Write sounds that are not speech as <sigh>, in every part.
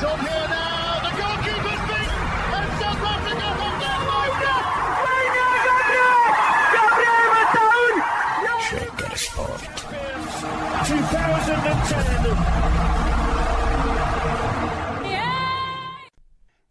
Don't here now.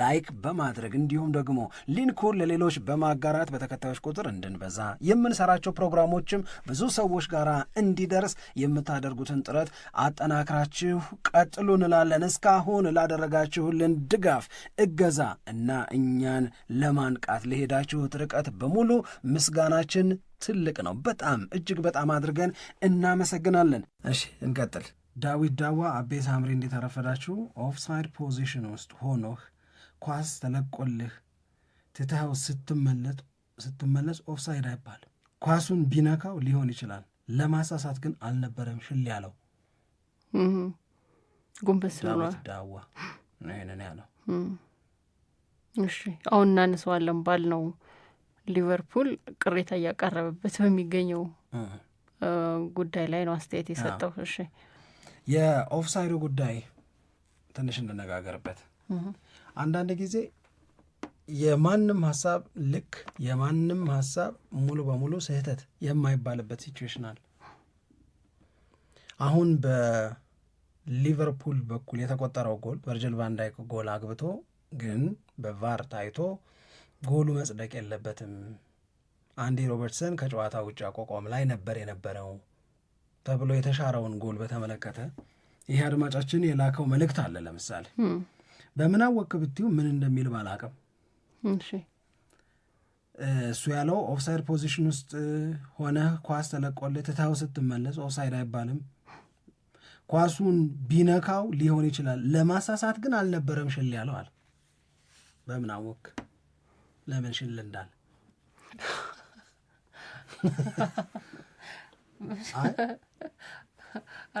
ላይክ በማድረግ እንዲሁም ደግሞ ሊንኩን ለሌሎች በማጋራት በተከታዮች ቁጥር እንድንበዛ የምንሰራቸው ፕሮግራሞችም ብዙ ሰዎች ጋር እንዲደርስ የምታደርጉትን ጥረት አጠናክራችሁ ቀጥሉ እንላለን። እስካሁን ላደረጋችሁልን ድጋፍ፣ እገዛ እና እኛን ለማንቃት ለሄዳችሁት ርቀት በሙሉ ምስጋናችን ትልቅ ነው። በጣም እጅግ በጣም አድርገን እናመሰግናለን። እሺ እንቀጥል። ዳዊት ዳዋ አቤ ሳምሪ እንዴት አረፈዳችሁ? ኦፍሳይድ ፖዚሽን ውስጥ ሆኖህ ኳስ ተለቆልህ ትተኸው ስትመለስ ኦፍሳይድ አይባልም። ኳሱን ቢነካው ሊሆን ይችላል፣ ለማሳሳት ግን አልነበረም። ሽል ያለው ጉንበስ ብሏል። ዳዋ ይህንን ያለው እሺ፣ አሁን እናነሳዋለን ባል ነው ሊቨርፑል ቅሬታ እያቀረበበት በሚገኘው ጉዳይ ላይ ነው አስተያየት የሰጠው። እሺ የኦፍሳይዱ ጉዳይ ትንሽ እንነጋገርበት። አንዳንድ ጊዜ የማንም ሀሳብ ልክ የማንም ሀሳብ ሙሉ በሙሉ ስህተት የማይባልበት ሲችዌሽን አለ። አሁን በሊቨርፑል በኩል የተቆጠረው ጎል ቨርጅል ቫንዳይክ ጎል አግብቶ ግን በቫር ታይቶ ጎሉ መጽደቅ የለበትም አንዲ ሮበርትሰን ከጨዋታ ውጭ አቋቋም ላይ ነበር የነበረው ተብሎ የተሻረውን ጎል በተመለከተ ይሄ አድማጫችን የላከው መልእክት አለ ለምሳሌ hm በምን አወቅ ብትዩ ምን እንደሚል ባላቅም እሱ ያለው ኦፍሳይድ ፖዚሽን ውስጥ ሆነ ኳስ ተለቆልህ ትታው ስትመለስ ኦፍሳይድ አይባልም። ኳሱን ቢነካው ሊሆን ይችላል፣ ለማሳሳት ግን አልነበረም ሽል ያለው አለ። በምን አወቅ ለምን ሽል እንዳለ <laughs>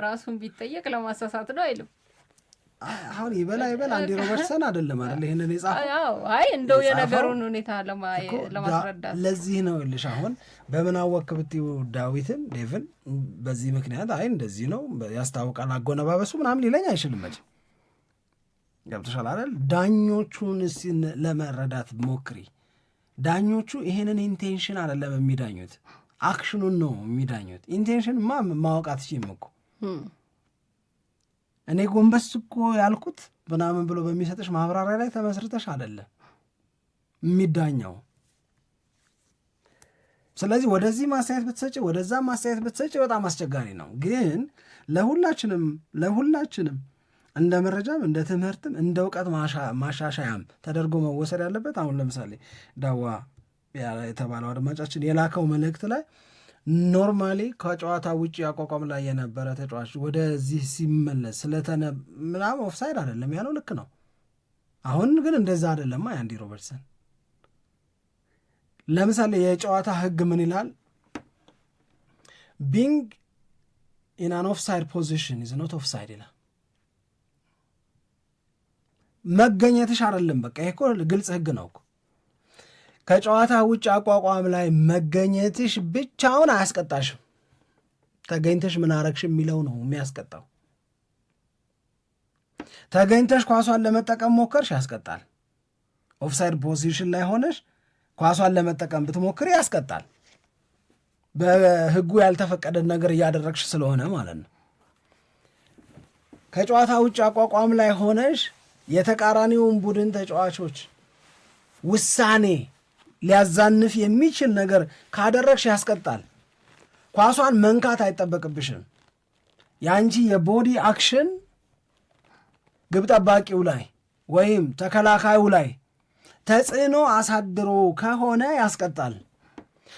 ራሱን ቢጠየቅ ለማሳሳት ነው አይልም። አሁን ይበላ ይበላ አንዲ ሮበርትሰን አይደለም አይደል? ይህንን የጻፈው አይ እንደው የነገሩን ሁኔታ ለማስረዳት ለዚህ ነው ልሽ። አሁን በምን አወቅክ ብትይው ዳዊትን ዴቭን በዚህ ምክንያት አይ እንደዚህ ነው ያስታውቃል፣ አጎነባበሱ ምናምን ሊለኝ አይችልም መቼም። ገብቶሻል አይደል? ዳኞቹን ለመረዳት ሞክሪ። ዳኞቹ ይሄንን ኢንቴንሽን አይደለም የሚዳኙት፣ አክሽኑን ነው የሚዳኙት። ኢንቴንሽን ማ ማወቅ አትችይም እኮ እኔ ጎንበስ እኮ ያልኩት ምናምን ብሎ በሚሰጥሽ ማብራሪያ ላይ ተመስርተሽ አይደለም የሚዳኘው። ስለዚህ ወደዚህ ማስተያየት ብትሰጭ ወደዛ ማስተያየት ብትሰጭ በጣም አስቸጋሪ ነው። ግን ለሁላችንም ለሁላችንም እንደ መረጃም እንደ ትምህርትም እንደ እውቀት ማሻሻያም ተደርጎ መወሰድ ያለበት አሁን ለምሳሌ ዳዋ የተባለው አድማጫችን የላከው መልእክት ላይ ኖርማሊ ከጨዋታ ውጭ አቋቋም ላይ የነበረ ተጫዋች ወደዚህ ሲመለስ ስለተነ ምናምን ኦፍሳይድ አይደለም ያለው ልክ ነው። አሁን ግን እንደዛ አይደለማ። አንዲ ሮበርትሰን ለምሳሌ የጨዋታ ህግ ምን ይላል? ቢንግ ኢን አን ኦፍሳይድ ፖዚሽን ኢዝ ኖት ኦፍሳይድ ይላል። መገኘትሽ አይደለም በቃ ይሄ እኮ ግልጽ ህግ ነው እኮ ከጨዋታ ውጭ አቋቋም ላይ መገኘትሽ ብቻውን አያስቀጣሽም። ተገኝተሽ ምን አረግሽ የሚለው ነው የሚያስቀጣው። ተገኝተሽ ኳሷን ለመጠቀም ሞከርሽ ያስቀጣል። ኦፍሳይድ ፖዚሽን ላይ ሆነሽ ኳሷን ለመጠቀም ብትሞክር ያስቀጣል። በህጉ ያልተፈቀደ ነገር እያደረግሽ ስለሆነ ማለት ነው። ከጨዋታ ውጭ አቋቋም ላይ ሆነሽ የተቃራኒውን ቡድን ተጫዋቾች ውሳኔ ሊያዛንፍ የሚችል ነገር ካደረግሽ ያስቀጣል። ኳሷን መንካት አይጠበቅብሽም። የአንቺ የቦዲ አክሽን ግብ ጠባቂው ላይ ወይም ተከላካዩ ላይ ተጽዕኖ አሳድሮ ከሆነ ያስቀጣል።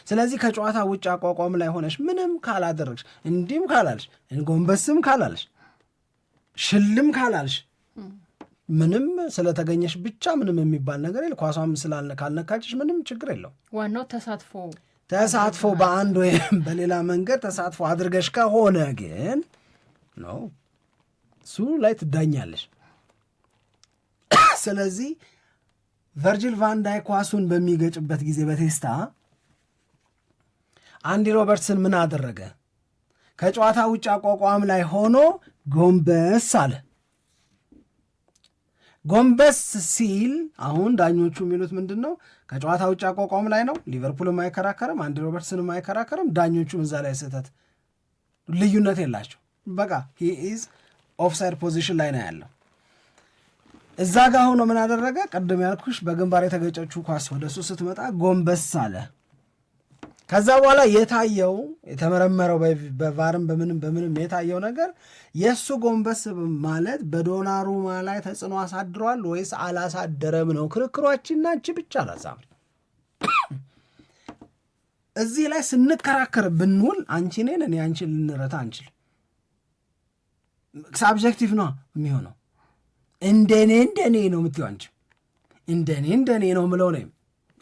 ስለዚህ ከጨዋታ ውጭ አቋቋም ላይ ሆነሽ ምንም ካላደረግሽ፣ እንዲህም ካላልሽ፣ ጎንበስም ካላልሽ፣ ሽልም ካላልሽ ምንም ስለተገኘሽ ብቻ ምንም የሚባል ነገር የለ። ኳሷም ስላለ ካልነካችሽ ምንም ችግር የለው። ዋናው ተሳትፎ ተሳትፎ በአንድ ወይም በሌላ መንገድ ተሳትፎ አድርገሽ ከሆነ ግን ነው እሱ ላይ ትዳኛለሽ። ስለዚህ ቨርጂል ቫንዳይ ኳሱን በሚገጭበት ጊዜ በቴስታ አንዲ ሮበርትስን ምን አደረገ? ከጨዋታ ውጭ አቋቋም ላይ ሆኖ ጎንበስ አለ። ጎንበስ ሲል አሁን ዳኞቹ የሚሉት ምንድን ነው? ከጨዋታ ውጭ አቋቋም ላይ ነው። ሊቨርፑልም አይከራከርም፣ አንድ ሮበርትስንም አይከራከርም። ዳኞቹም እዛ ላይ ስህተት ልዩነት የላቸው። በቃ ሂ ኢዝ ኦፍሳይድ ፖዚሽን ላይ ነው ያለው። እዛ ጋር ሆኖ ምን አደረገ? ቅድም ያልኩሽ በግንባር የተገጨችው ኳስ ወደሱ ስትመጣ ጎንበስ አለ። ከዛ በኋላ የታየው የተመረመረው በቫርም በምንም በምንም የታየው ነገር የእሱ ጎንበስ ማለት በዶናሩማ ላይ ተጽዕኖ አሳድሯል ወይስ አላሳደረም ነው ክርክሯችን። አንቺ ብቻ አላዛምር እዚህ ላይ ስንከራከር ብንውል አንቺ እኔን እኔ አንቺን ልንረታ አንችል ሳብጀክቲቭ ነው የሚሆነው እንደኔ እንደኔ ነው የምትይው አንቺ እንደኔ እንደኔ ነው ምለው ነው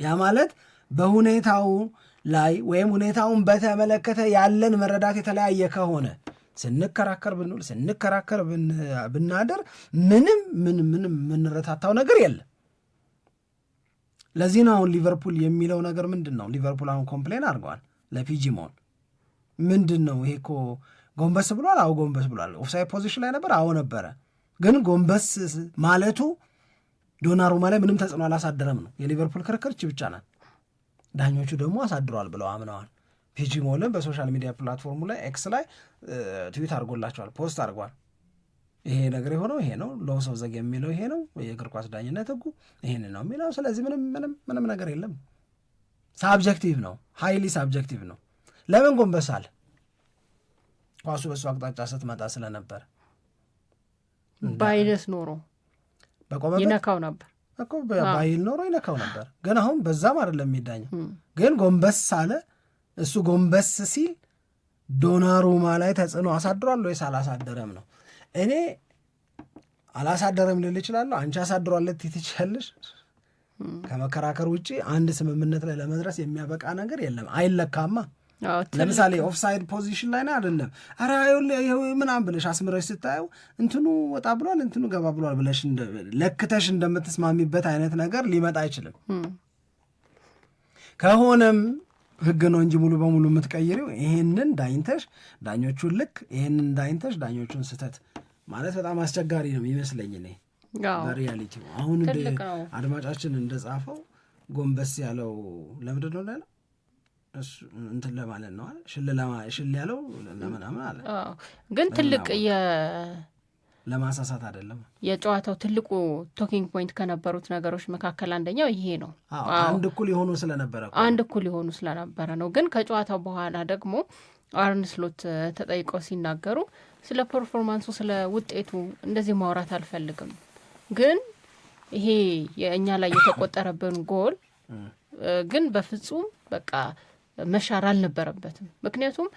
ያ ማለት በሁኔታው ላይ ወይም ሁኔታውን በተመለከተ ያለን መረዳት የተለያየ ከሆነ ስንከራከር ብንውል ስንከራከር ብናደር ምንም ምን ምንም የምንረታታው ነገር የለም። ለዚህ ነው አሁን ሊቨርፑል የሚለው ነገር ምንድን ነው? ሊቨርፑል አሁን ኮምፕሌን አድርገዋል ለፒጂ መሆን ምንድን ነው ይሄ እኮ ጎንበስ ብሏል። አዎ ጎንበስ ብሏል። ኦፍሳይድ ፖዚሽን ላይ ነበር። አዎ ነበረ። ግን ጎንበስ ማለቱ ዶናሩማ ላይ ምንም ተጽዕኖ አላሳደረም ነው የሊቨርፑል ክርክር ብቻ ናት። ዳኞቹ ደግሞ አሳድሯል ብለው አምነዋል። ፒጂ ሞልን በሶሻል ሚዲያ ፕላትፎርሙ ላይ ኤክስ ላይ ትዊት አድርጎላቸዋል፣ ፖስት አድርጓል። ይሄ ነገር የሆነው ይሄ ነው፣ ሎው ዘግ የሚለው ይሄ ነው፣ የእግር ኳስ ዳኝነት ህጉ ይሄን ነው የሚለው። ስለዚህ ምንም ምንም ምንም ነገር የለም። ሳብጀክቲቭ ነው፣ ሀይሊ ሳብጀክቲቭ ነው። ለምን ጎንበሳል? ኳሱ በሱ አቅጣጫ ስትመጣ ስለነበር ባይደስ ኖሮ በቆመበት ይነካው ነበር። እኮ ባይል ኖሮ ይነካው ነበር። ግን አሁን በዛም አይደለም የሚዳኘው። ግን ጎንበስ አለ እሱ ጎንበስ ሲል ዶናሩማ ላይ ተጽዕኖ አሳድሯል ወይስ አላሳደረም ነው። እኔ አላሳደረም ልል እችላለሁ። አንቺ አሳድሯለት ትችያለሽ። ከመከራከር ውጭ አንድ ስምምነት ላይ ለመድረስ የሚያበቃ ነገር የለም። አይለካማ ለምሳሌ ኦፍሳይድ ፖዚሽን ላይ ነው አይደለም፣ ኧረ ምናምን ብለሽ አስምረሽ ስታየው እንትኑ ወጣ ብሏል፣ እንትኑ ገባ ብሏል ብለሽ ለክተሽ እንደምትስማሚበት አይነት ነገር ሊመጣ አይችልም። ከሆነም ህግ ነው እንጂ ሙሉ በሙሉ የምትቀይሪው ይሄንን ዳኝተሽ ዳኞቹን ልክ፣ ይሄንን ዳኝተሽ ዳኞቹን ስህተት ማለት በጣም አስቸጋሪ ነው ይመስለኝ። እኔ በሪያሊቲ አሁን አድማጫችን እንደጻፈው ጎንበስ ያለው ለምንድን ነው እሱ እንትን ለማለት ነው ሽል ያለው ለምናምን አለ። ግን ትልቅ ለማሳሳት አይደለም። የጨዋታው ትልቁ ቶኪንግ ፖይንት ከነበሩት ነገሮች መካከል አንደኛው ይሄ ነው። አንድ እኩል የሆኑ ስለነበረ አንድ እኩል የሆኑ ስለነበረ ነው። ግን ከጨዋታው በኋላ ደግሞ አርን ስሎት ተጠይቀው ሲናገሩ ስለ ፐርፎርማንሱ፣ ስለ ውጤቱ እንደዚህ ማውራት አልፈልግም፣ ግን ይሄ የእኛ ላይ የተቆጠረብን ጎል ግን በፍጹም በቃ መሻር አልነበረበትም። ምክንያቱም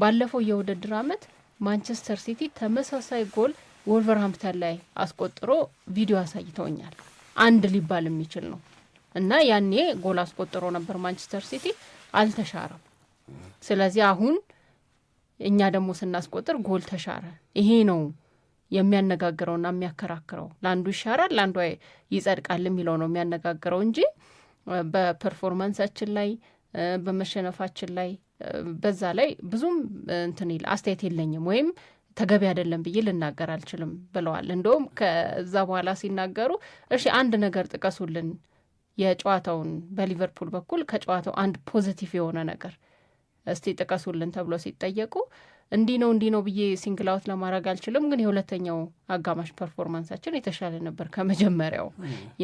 ባለፈው የውድድር አመት ማንቸስተር ሲቲ ተመሳሳይ ጎል ወልቨርሃምፕተን ላይ አስቆጥሮ ቪዲዮ አሳይተውኛል። አንድ ሊባል የሚችል ነው እና ያኔ ጎል አስቆጥሮ ነበር ማንቸስተር ሲቲ አልተሻረም። ስለዚህ አሁን እኛ ደግሞ ስናስቆጥር ጎል ተሻረ። ይሄ ነው የሚያነጋግረውና የሚያከራክረው። ለአንዱ ይሻራል፣ ለአንዱ ይጸድቃል የሚለው ነው የሚያነጋግረው እንጂ በፐርፎርማንሳችን ላይ በመሸነፋችን ላይ በዛ ላይ ብዙም እንትን አስተያየት የለኝም ወይም ተገቢ አይደለም ብዬ ልናገር አልችልም ብለዋል። እንደውም ከዛ በኋላ ሲናገሩ እሺ አንድ ነገር ጥቀሱልን የጨዋታውን በሊቨርፑል በኩል ከጨዋታው አንድ ፖዘቲቭ የሆነ ነገር እስቲ ጥቀሱልን ተብሎ ሲጠየቁ እንዲህ ነው እንዲህ ነው ብዬ ሲንግል አውት ለማድረግ አልችልም፣ ግን የሁለተኛው አጋማሽ ፐርፎርማንሳችን የተሻለ ነበር ከመጀመሪያው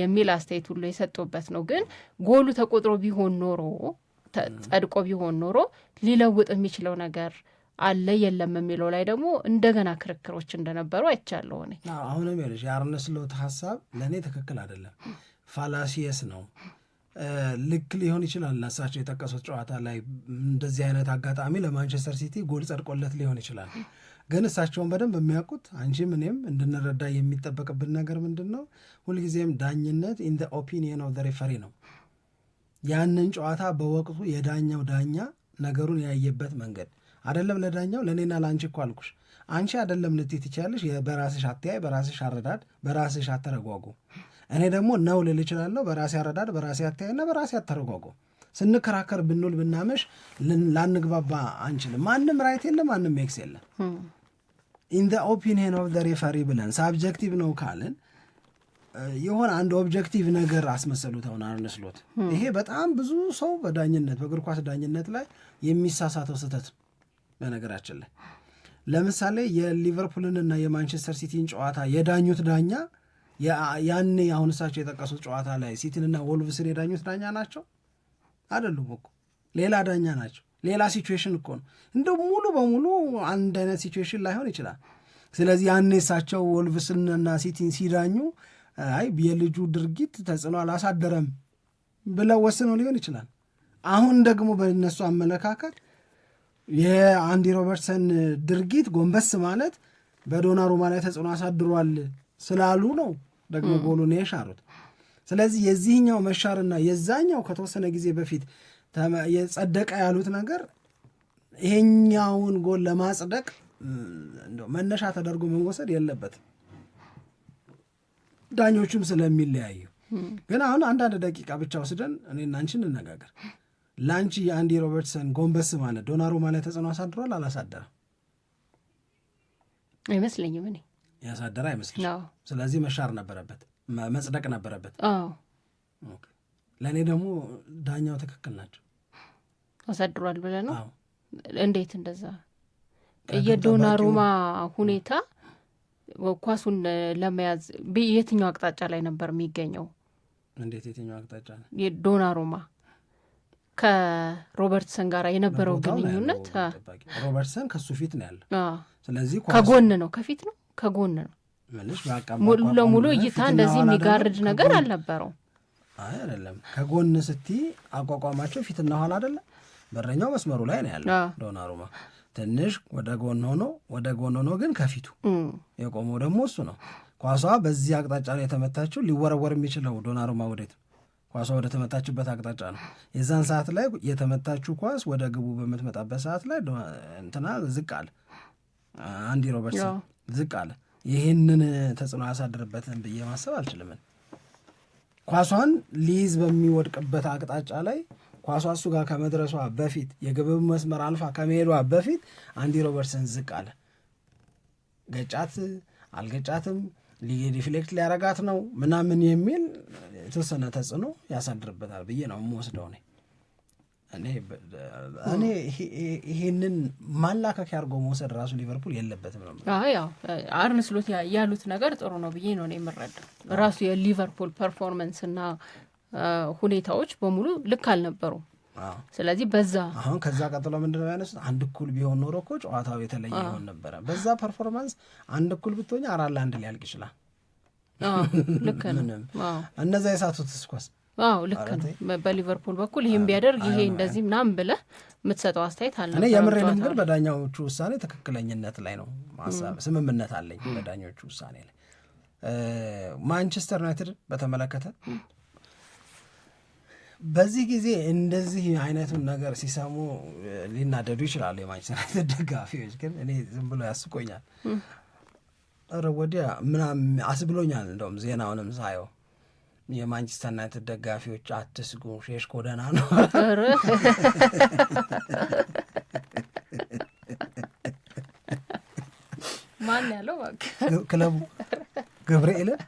የሚል አስተያየት ሁሉ የሰጡበት ነው። ግን ጎሉ ተቆጥሮ ቢሆን ኖሮ ጸድቆ ቢሆን ኖሮ ሊለውጥ የሚችለው ነገር አለ የለም የሚለው ላይ ደግሞ እንደገና ክርክሮች እንደነበሩ አይቻለሁ። እኔ አሁንም ይኸውልሽ የአርነ ስሎት ሀሳብ ለእኔ ትክክል አይደለም፣ ፋላሲየስ ነው። ልክ ሊሆን ይችላል እሳቸው የጠቀሱት ጨዋታ ላይ እንደዚህ አይነት አጋጣሚ ለማንቸስተር ሲቲ ጎል ጸድቆለት ሊሆን ይችላል። ግን እሳቸውን በደንብ የሚያውቁት አንቺም እኔም እንድንረዳ የሚጠበቅብን ነገር ምንድን ነው? ሁልጊዜም ዳኝነት ኢን ኦፒኒየን ኦፍ ሬፈሪ ነው ያንን ጨዋታ በወቅቱ የዳኛው ዳኛ ነገሩን ያየበት መንገድ አደለም። ለዳኛው ለእኔና ለአንቺ እኮ አልኩሽ። አንቺ አደለም ልትይ ትችያለሽ፣ በራስሽ አትያይ በራስሽ አረዳድ፣ በራስሽ አተረጓጉ እኔ ደግሞ ነው ልል እችላለሁ፣ በራሴ አረዳድ፣ በራሴ አትያይና በራሴ አተረጓጉ ስንከራከር ብንውል ብናመሽ ላንግባባ አንችልም። ማንም ራይት የለ፣ ማንም ሜክስ የለም። ኢን ኦፒኒየን ኦፍ ሬፈሪ ብለን ሳብጀክቲቭ ነው ካልን የሆነ አንድ ኦብጀክቲቭ ነገር አስመሰሉት። አሁን አርነ ስሎት ይሄ በጣም ብዙ ሰው በዳኝነት በእግር ኳስ ዳኝነት ላይ የሚሳሳተው ስህተት በነገራችን ላይ ለምሳሌ የሊቨርፑልንና የማንቸስተር ሲቲን ጨዋታ የዳኙት ዳኛ ያኔ አሁን እሳቸው የጠቀሱት ጨዋታ ላይ ሲቲንና ወልቭስን የዳኙት ዳኛ ናቸው አይደሉም እኮ ሌላ ዳኛ ናቸው። ሌላ ሲትዌሽን እኮ ነው። እንደ ሙሉ በሙሉ አንድ አይነት ሲትዌሽን ላይሆን ይችላል። ስለዚህ ያኔ እሳቸው ወልቭስንና ሲቲን ሲዳኙ አይ የልጁ ድርጊት ተጽዕኖ አላሳደረም ብለው ወስነው ሊሆን ይችላል። አሁን ደግሞ በነሱ አመለካከት የአንዲ ሮበርትሰን ድርጊት ጎንበስ ማለት በዶናሩማ ላይ ተጽዕኖ አሳድሯል ስላሉ ነው ደግሞ ጎሉን የሻሩት። ስለዚህ የዚህኛው መሻርና የዛኛው ከተወሰነ ጊዜ በፊት የጸደቀ ያሉት ነገር ይሄኛውን ጎል ለማጽደቅ መነሻ ተደርጎ መወሰድ የለበትም። ዳኞቹም ስለሚለያዩ ግን አሁን አንዳንድ ደቂቃ ብቻ ወስደን እኔና አንቺ እንነጋገር። ለአንቺ የአንዲ ሮበርትሰን ጎንበስ ማለት ዶናሩማ ላይ ተጽዕኖ አሳድሯል አላሳደረም? አይመስለኝም። እኔ ያሳደረ አይመስለኝም። ስለዚህ መሻር ነበረበት፣ መጽደቅ ነበረበት። ለእኔ ደግሞ ዳኛው ትክክል ናቸው። አሳድሯል ብለህ ነው? እንዴት እንደዛ የዶናሩማ ሁኔታ ኳሱን ለመያዝ የትኛው አቅጣጫ ላይ ነበር የሚገኘው? እንዴት የትኛው አቅጣጫ ነው? ዶናሩማ ከሮበርትሰን ጋር የነበረው ግንኙነት ሮበርትሰን ከሱ ፊት ነው ያለ። ስለዚህ ከጎን ነው ከፊት ነው ከጎን ነው ሙሉ ለሙሉ እይታ እንደዚህ የሚጋርድ ነገር አልነበረው። አይ አይደለም፣ ከጎን ስቲ አቋቋማቸው ፊትና ኋላ አይደለም፣ በረኛው መስመሩ ላይ ነው ያለው ዶናሩማ ትንሽ ወደ ጎን ሆኖ ወደ ጎን ሆኖ ግን ከፊቱ የቆመው ደግሞ እሱ ነው። ኳሷ በዚህ አቅጣጫ ነው የተመታችው። ሊወረወር የሚችለው ዶናሩማ ወዴት ነው? ኳሷ ወደ ተመታችበት አቅጣጫ ነው። የዛን ሰዓት ላይ የተመታችው ኳስ ወደ ግቡ በምትመጣበት ሰዓት ላይ እንትና ዝቅ አለ፣ አንዲ ሮበርትሰን ዝቅ አለ። ይህንን ተጽዕኖ ያሳድርበትን ብዬ ማሰብ አልችልምን። ኳሷን ሊይዝ በሚወድቅበት አቅጣጫ ላይ ኳሷ እሱ ጋር ከመድረሷ በፊት የግብብ መስመር አልፋ ከመሄዷ በፊት አንዲ ሮበርትሰን ዝቅ አለ። ገጫት አልገጫትም፣ ዲፍሌክት ሊያረጋት ነው ምናምን የሚል የተወሰነ ተጽዕኖ ያሳድርበታል ብዬ ነው የምወስደው። እኔ ይሄንን ማላከክ ያርጎ መውሰድ ራሱ ሊቨርፑል የለበትም ነው። ያው አርነ ስሎት ያሉት ነገር ጥሩ ነው ብዬ ነው እኔ የምረዳው። ራሱ የሊቨርፑል ፐርፎርመንስ እና ሁኔታዎች በሙሉ ልክ አልነበሩ። ስለዚህ በዛ አሁን ከዛ ቀጥሎ ምንድነው ያነሱት? አንድ እኩል ቢሆን ኖሮ እኮ ጨዋታው የተለየ ይሆን ነበረ። በዛ ፐርፎርማንስ አንድ እኩል ብትሆኝ አራት ለአንድ ሊያልቅ ይችላል። ልክ ነው። እነዛ የሳቱት ስኳስ አዎ ልክ ነው። በሊቨርፑል በኩል ይህም ቢያደርግ ይሄ እንደዚህ ምናምን ብለህ የምትሰጠው አስተያየት አለ። እኔ የምሬንም ግን በዳኛዎቹ ውሳኔ ትክክለኝነት ላይ ነው ስምምነት አለኝ በዳኛዎቹ ውሳኔ ላይ ማንቸስተር ዩናይትድ በተመለከተ በዚህ ጊዜ እንደዚህ አይነቱን ነገር ሲሰሙ ሊናደዱ ይችላሉ የማንቸስተር ዩናይትድ ደጋፊዎች። ግን እኔ ዝም ብሎ ያስቆኛል። ኧረ ወዲያ ምናምን አስብሎኛል። እንደውም ዜናውንም ሳየው የማንቸስተር ዩናይትድ ደጋፊዎች አትስጉ፣ ሼሽኮ ደህና ነው ማን ያለው ክለቡ ገብርኤልን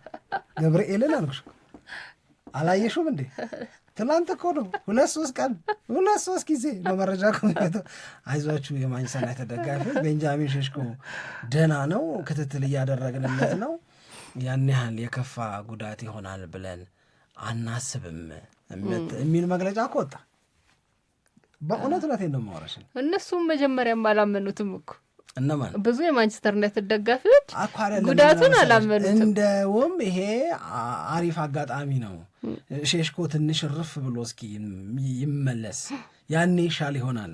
ገብርኤልን አልኩሽ አላየሹም እንዴ? ትላንት እኮ ነው ሁለት ሶስት ቀን ሁለት ሶስት ጊዜ ነው መረጃ ኮሚቴ አይዟችሁ የማንችስተር ዩናይትድ ደጋፊ ቤንጃሚን ሸሽኮ ደህና ነው፣ ክትትል እያደረግንለት ነው፣ ያን ያህል የከፋ ጉዳት ይሆናል ብለን አናስብም የሚል መግለጫ እኮ ወጣ። በእውነት እውነቴን ነው የማወራሽ። እነሱም መጀመሪያም አላመኑትም እኮ እነማን ብዙ የማንቸስተር ዩናይትድ ደጋፊዎች ጉዳቱን አላመኑትም። እንደውም ይሄ አሪፍ አጋጣሚ ነው ሼሽኮ ትንሽ ርፍ ብሎ እስኪ ይመለስ ያኔ ይሻል ይሆናል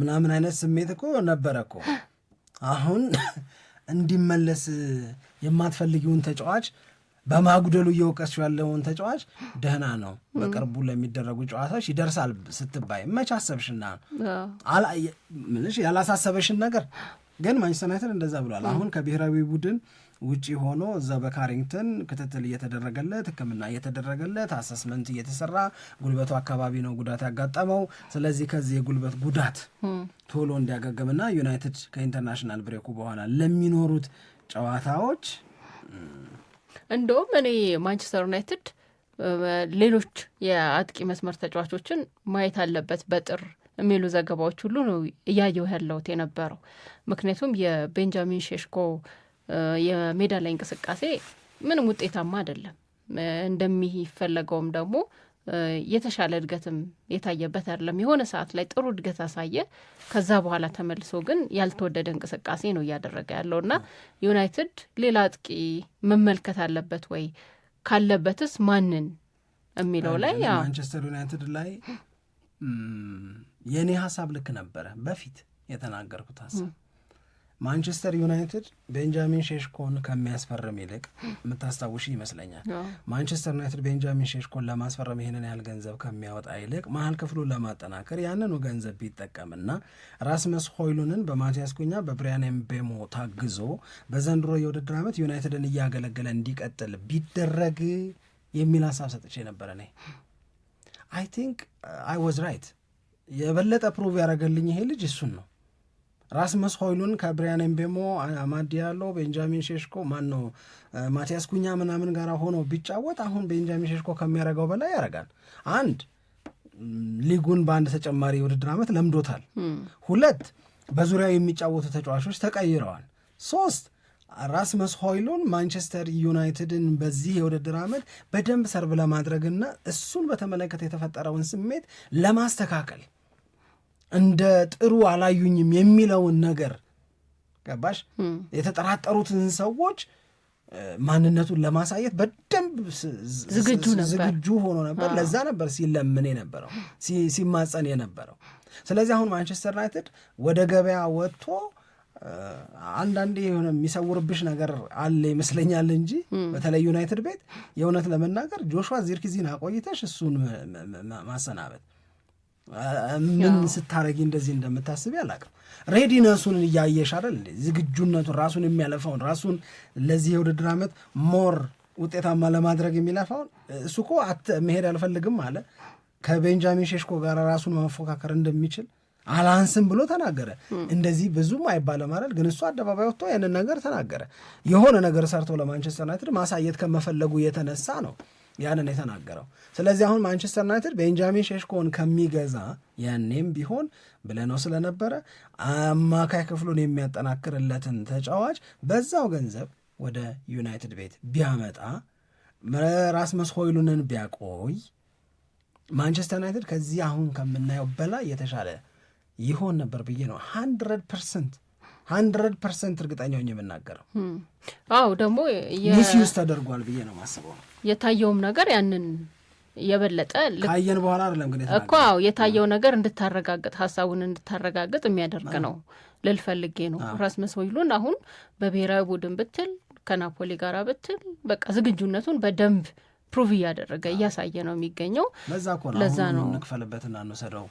ምናምን አይነት ስሜት እኮ ነበረ እኮ። አሁን እንዲመለስ የማትፈልጊውን ተጫዋች በማጉደሉ እየወቀሱ ያለውን ተጫዋች ደህና ነው፣ በቅርቡ ለሚደረጉ ጨዋታዎች ይደርሳል ስትባይ መች አሰብሽና ያላሳሰበሽን ነገር ግን ማንቸስተር ዩናይትድ እንደዛ ብሏል። አሁን ከብሔራዊ ቡድን ውጪ ሆኖ እዛ በካሪንግተን ክትትል እየተደረገለት ሕክምና እየተደረገለት አሰስመንት እየተሰራ ጉልበቱ አካባቢ ነው ጉዳት ያጋጠመው። ስለዚህ ከዚህ የጉልበት ጉዳት ቶሎ እንዲያገግምና ዩናይትድ ከኢንተርናሽናል ብሬኩ በኋላ ለሚኖሩት ጨዋታዎች እንደውም እኔ ማንቸስተር ዩናይትድ ሌሎች የአጥቂ መስመር ተጫዋቾችን ማየት አለበት በጥር የሚሉ ዘገባዎች ሁሉ ነው እያየው ያለውት የነበረው ምክንያቱም የቤንጃሚን ሼሽኮ የሜዳ ላይ እንቅስቃሴ ምንም ውጤታማ አይደለም። እንደሚፈለገውም ደግሞ የተሻለ እድገትም የታየበት አይደለም። የሆነ ሰዓት ላይ ጥሩ እድገት አሳየ። ከዛ በኋላ ተመልሶ ግን ያልተወደደ እንቅስቃሴ ነው እያደረገ ያለው እና ዩናይትድ ሌላ አጥቂ መመልከት አለበት ወይ ካለበትስ ማንን የሚለው ላይ ማንቸስተር ዩናይትድ ላይ የእኔ ሀሳብ ልክ ነበረ፣ በፊት የተናገርኩት ሀሳብ ማንቸስተር ዩናይትድ ቤንጃሚን ሼሽኮን ከሚያስፈርም ይልቅ የምታስታውሽ ይመስለኛል። ማንቸስተር ዩናይትድ ቤንጃሚን ሼሽኮን ለማስፈረም ይህንን ያህል ገንዘብ ከሚያወጣ ይልቅ መሀል ክፍሉን ለማጠናከር ያንኑ ገንዘብ ቢጠቀምና ራስመስ ሆይሉንን በማቲያስ ኩኛ በብሪያን ኤምቤሞ ታግዞ በዘንድሮ የውድድር ዓመት ዩናይትድን እያገለገለ እንዲቀጥል ቢደረግ የሚል ሀሳብ ሰጥቼ ነበረ። እኔ አይ ቲንክ አይ ዋዝ ራይት የበለጠ ፕሩቭ ያደረገልኝ ይሄ ልጅ እሱን ነው ራስመስ ሆይሉን ከብሪያን ኤምቤሞ፣ አማድ ያሎ ቤንጃሚን ሼሽኮ ማን ነው ማቲያስ ኩኛ ምናምን ጋር ሆኖ ቢጫወት አሁን ቤንጃሚን ሼሽኮ ከሚያደርገው በላይ ያደርጋል። አንድ ሊጉን በአንድ ተጨማሪ የውድድር ዓመት ለምዶታል። ሁለት በዙሪያው የሚጫወቱ ተጫዋቾች ተቀይረዋል። ሶስት ራስመስ ሆይሉን ማንቸስተር ዩናይትድን በዚህ የውድድር ዓመት በደንብ ሰርብ ለማድረግና እሱን በተመለከተ የተፈጠረውን ስሜት ለማስተካከል እንደ ጥሩ አላዩኝም የሚለውን ነገር ገባሽ? የተጠራጠሩትን ሰዎች ማንነቱን ለማሳየት በደንብ ዝግጁ ሆኖ ነበር። ለዛ ነበር ሲለምን የነበረው ሲማጸን የነበረው። ስለዚህ አሁን ማንቸስተር ዩናይትድ ወደ ገበያ ወጥቶ አንዳንዴ የሆነ የሚሰውርብሽ ነገር አለ ይመስለኛል እንጂ በተለይ ዩናይትድ ቤት የእውነት ለመናገር ጆሹዋ ዚርክዚን አቆይተሽ እሱን ማሰናበት ምን ስታረጊ እንደዚህ እንደምታስብ አላውቅም። ሬዲነሱን እያየሽ አይደል እንዴ? ዝግጁነቱን ራሱን የሚያለፋውን ራሱን ለዚህ የውድድር ዓመት ሞር ውጤታማ ለማድረግ የሚለፋውን እሱ እኮ መሄድ አልፈልግም አለ። ከቤንጃሚን ሼሽኮ ጋር ራሱን መፎካከር እንደሚችል አላንስም ብሎ ተናገረ። እንደዚህ ብዙም አይባልም አይደል? ግን እሱ አደባባይ ወጥቶ ያንን ነገር ተናገረ። የሆነ ነገር ሰርቶ ለማንቸስተር ዩናይትድ ማሳየት ከመፈለጉ የተነሳ ነው ያንን የተናገረው። ስለዚህ አሁን ማንቸስተር ዩናይትድ ቤንጃሚን ሼሽኮን ከሚገዛ ያኔም ቢሆን ብለነው ስለነበረ አማካይ ክፍሉን የሚያጠናክርለትን ተጫዋች በዛው ገንዘብ ወደ ዩናይትድ ቤት ቢያመጣ ራስመስ ሆይሉንን ቢያቆይ ማንቸስተር ዩናይትድ ከዚህ አሁን ከምናየው በላይ የተሻለ ይሆን ነበር ብዬ ነው ሀንድረድ ፐርሰንት ሀንድረድ ፐርሰንት እርግጠኛ ሆኜ የምናገረው አዎ፣ ደግሞ ሚስዩዝ ተደርጓል ብዬ ነው ማስበው። የታየውም ነገር ያንን የበለጠ ካየን በኋላ አይደለም ግን እኮ አዎ፣ የታየው ነገር እንድታረጋግጥ ሀሳቡን እንድታረጋግጥ የሚያደርግ ነው ልልፈልጌ ነው። ራስመስ ሆይሉንድ አሁን በብሔራዊ ቡድን ብትል ከናፖሊ ጋር ብትል በቃ ዝግጁነቱን በደንብ ፕሩቭ እያደረገ እያሳየ ነው የሚገኘው። ለዛ ነው እንክፈልበትና እንውሰደው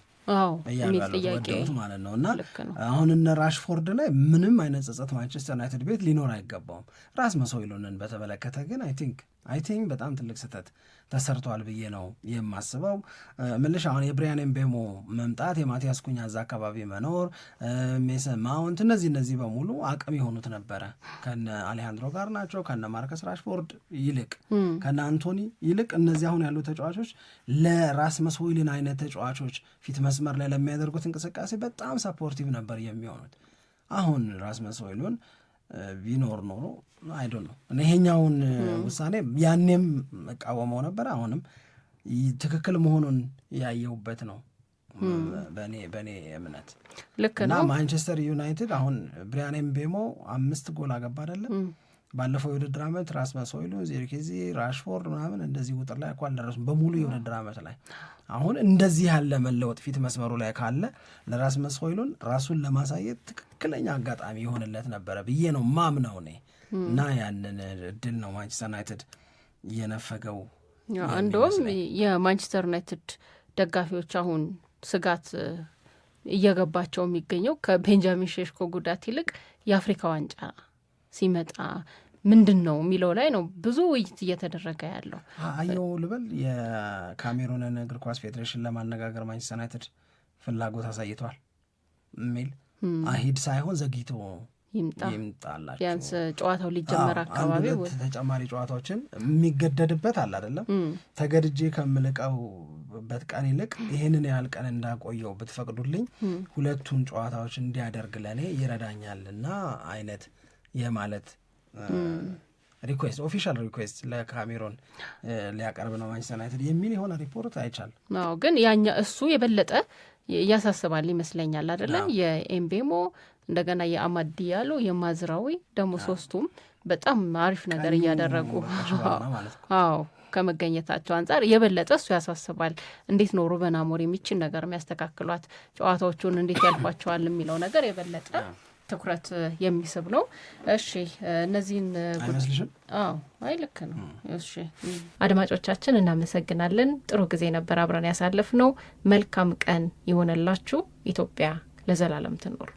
እያሉ ያሉት ማለት ነው። እና አሁን እነ ራሽፎርድ ላይ ምንም አይነት ጸጸት ማንቸስተር ዩናይትድ ቤት ሊኖር አይገባውም። ራስ ይሉንን በተመለከተ ግን አይ ቲንክ አይ ቲንክ በጣም ትልቅ ስህተት ተሰርቷል ብዬ ነው የማስበው። ምልሽ አሁን የብሪያን ኤምቤሞ መምጣት፣ የማቲያስ ኩኛ እዛ አካባቢ መኖር፣ ሜሰ ማውንት እነዚህ እነዚህ በሙሉ አቅም የሆኑት ነበረ ከነ አሌሃንድሮ ጋር ናቸው ከነ ማርከስ ራሽፎርድ ይልቅ ከነ አንቶኒ ይልቅ እነዚህ አሁን ያሉ ተጫዋቾች ለራስ መስሆይልን አይነት ተጫዋቾች ፊት መስ መስመር ላይ ለሚያደርጉት እንቅስቃሴ በጣም ሰፖርቲቭ ነበር የሚሆኑት። አሁን ራስመስ ሆይሉንድ ቢኖር ኖሮ አይዶ ነው ይሄኛውን ውሳኔ ያኔም መቃወመው ነበር፣ አሁንም ትክክል መሆኑን ያየውበት ነው በእኔ እምነት ልክ እና ማንቸስተር ዩናይትድ አሁን ብሪያን ምቤሞ አምስት ጎል አገባ አይደለም ባለፈው የውድድር ዓመት ራስመስ ሆይሉንድ፣ ዚርክዚ፣ ራሽፎርድ ምናምን እንደዚህ ውጥር ላይ እኮ አልደረሱም በሙሉ የውድድር ዓመት ላይ አሁን እንደዚህ ያለ መለወጥ ፊት መስመሩ ላይ ካለ ለራስመስ ሆይሉንድ ራሱን ለማሳየት ትክክለኛ አጋጣሚ የሆንለት ነበረ ብዬ ነው ማምነው እኔ እና ያንን እድል ነው ማንቸስተር ዩናይትድ እየነፈገው። እንደውም የማንቸስተር ዩናይትድ ደጋፊዎች አሁን ስጋት እየገባቸው የሚገኘው ከቤንጃሚን ሼሽኮ ጉዳት ይልቅ የአፍሪካ ዋንጫ ሲመጣ ምንድን ነው የሚለው ላይ ነው ብዙ ውይይት እየተደረገ ያለው። አየው ልበል የካሜሩንን እግር ኳስ ፌዴሬሽን ለማነጋገር ማንቸስተር ዩናይትድ ፍላጎት አሳይቷል የሚል አሂድ ሳይሆን ዘግይቶ ይምጣላቸው ቢያንስ ጨዋታው ሊጀመር አካባቢ ተጨማሪ ጨዋታዎችን የሚገደድበት አለ አይደለም። ተገድጄ ከምልቀውበት ቀን ይልቅ ይህንን ያህል ቀን እንዳቆየው ብትፈቅዱልኝ ሁለቱን ጨዋታዎች እንዲያደርግ ለእኔ ይረዳኛልና አይነት የማለት ሪኩዌስት ኦፊሻል ሪኩዌስት ለካሜሮን ሊያቀርብ ነው ማንቸስተር ዩናይትድ የሚል የሆነ ሪፖርት አይቻል ው ግን ያኛ እሱ የበለጠ እያሳስባል ይመስለኛል አደለ የኤምቤሞ እንደገና የአማዲ ያሉ የማዝራዊ ደግሞ ሶስቱም በጣም አሪፍ ነገር እያደረጉ አዎ ከመገኘታቸው አንጻር የበለጠ እሱ ያሳስባል። እንዴት ነው ሩበን አሞሪም ይችን ነገር የሚያስተካክሏት ጨዋታዎቹን እንዴት ያልፏቸዋል የሚለው ነገር የበለጠ ትኩረት የሚስብ ነው። እሺ እነዚህን አይ ልክ ነው። እሺ አድማጮቻችን እናመሰግናለን። ጥሩ ጊዜ ነበር አብረን ያሳለፍ ነው። መልካም ቀን ይሆነላችሁ። ኢትዮጵያ ለዘላለም ትኖር።